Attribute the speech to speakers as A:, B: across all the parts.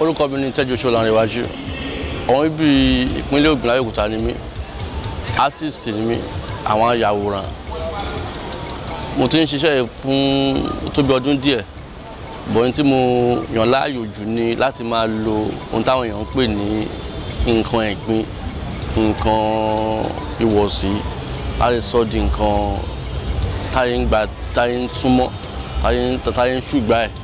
A: orúkọ mi ni Tẹ́jú Ṣọlá Arẹwájú ọ̀hún ibi ìpínlẹ̀ Ògùn láyòkúta ni mí artist ni mí àwọn ayàwòrán mo ti ń ṣiṣẹ́ fún tóbi ọdún díẹ̀ bọ̀yìn tí mo yàn láàyò jù ni láti máa lo ohun táwọn èèyàn ń pè ní nǹkan ẹ̀gbin nǹkan ìwọ̀sí láti sọ di nǹkan táyé ń gbà táyé ń túmọ̀ táyé ń ṣùgbà ẹ̀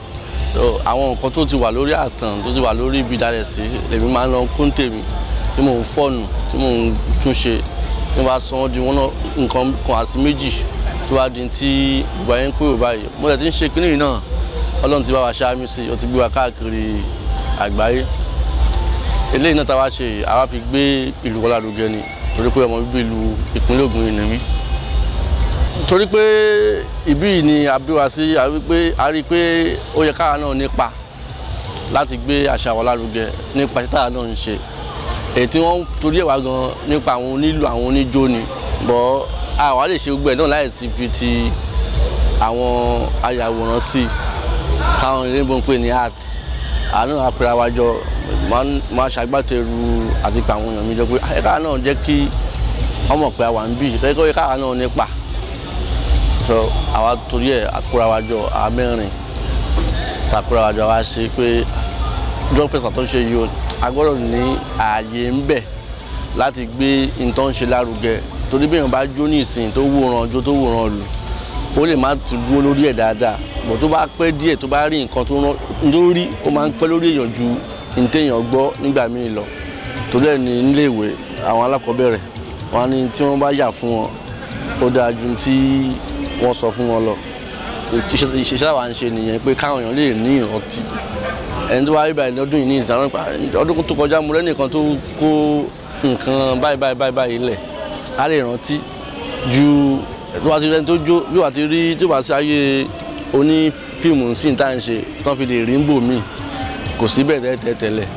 A: so àwọn nǹkan tó ti wà lórí àtàn tó ti wà lórí ibi ìdálẹ̀ sí lèmi máa ń lọ kún tèmi tí mò ń fọ́ọ̀nù tí mò ń túnṣe tí wọ́n sọ wọ́n di wọ́n nǹkan kan àti méjì tó wá di tí ìgbà yẹn ń pè wọ́n báyìí mo ti ń ṣe kínní náà ọlọ́run ti bá wa ṣáájú sí i ó ti gbé wa káàkiri àgbáyé eléyìí náà tá a wá ṣe àwa fi gbé ìlú wa lárugẹ ni torí pé ọmọ bíbí ìlú ìpínlẹ̀ Ògùn yìí ni torí pé ìbí yìí ni àbíwá sí a rí i pé ó yẹ káwa náà nípa láti gbé àṣà wa lárugẹ nípa títà náà ń ṣe èyí tí wọ́n torí ẹ̀wà gan nípa àwọn onílù àwọn oníjó ni bọ́ àwa lè ṣe gbogbo ẹ̀ náà láì ti fi ti àwọn ayàwòrán sí káwọn ilé ìbọn pè ní art àánú àpẹẹrẹ àwájọ máa ṣàgbàtẹrù àti pàwọn èèyàn mi jọ pé ah, ẹ̀ka náà jẹ́ kí ọmọ pé àwa ń bì kẹ́kọ̀ọ́ ẹ̀ka náà nípa so àwa torí ẹ̀ àkúra wa jọ àwa mẹ́rin takúra wa jọ àwa ṣe pé drug pressure tó ń ṣe yìí o a gbọ́dọ̀ ní ààyè ń bẹ̀ láti gbé nǹkan ń ṣe lárugẹ torí bí èèyàn bá jó ní ìsìn tó wòran jó tó wòran lù ó lè má ti dúró lórí ẹ̀ dáadáa bọ̀ tó bá pẹ́ díẹ̀ tó bá rí nǹkan tó rán lórí ó máa ń pẹ́ lórí èèyàn ju ntẹ̀yàn gbọ́ nígbà míì lọ torí ẹ̀ ní iléèwé àwọn alákọ̀ọ́bẹ̀rẹ̀ wọn ni tí wọ́n bá yà fún wọn ó dáa ju ti wọ́n sọ fún wọn lọ ìṣiṣẹ́ àwa ń nìyẹn pé káwọn èèyàn lè ní ìrántí ẹni tó wá rí báyìí lọ́dún yìí ní ìsàrán ìpà ah, ọdún tó kọjá mo lẹ́nìkan tó kó nǹkan báyìí báyìí báyìí báyìí lẹ̀ á lè rántí ju tó bá ti rí ẹni tó jó yóò wá ti rí tó bá ti ayé oní fíìmù sí ní ń ṣe tán fi lè rí ń bò míì kò sí bẹ́ẹ̀ tẹ́lẹ̀ tẹ́lẹ̀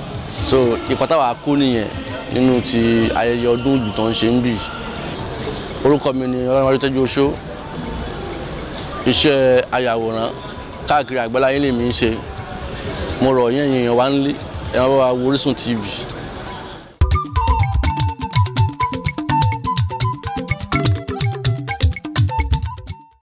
A: so ipa táwa kó nìyẹn nínú ti ayẹyẹ ọdún ìlú ṣe ń bì orúkọ mi ni ọlọ́run wájú tẹ́jú oṣó iṣẹ́ ayàwòrán káàkiri àgbáláyé lèmi ń ṣe mo rọ̀ yẹn yẹn wá ń lé ẹ Orísun TV.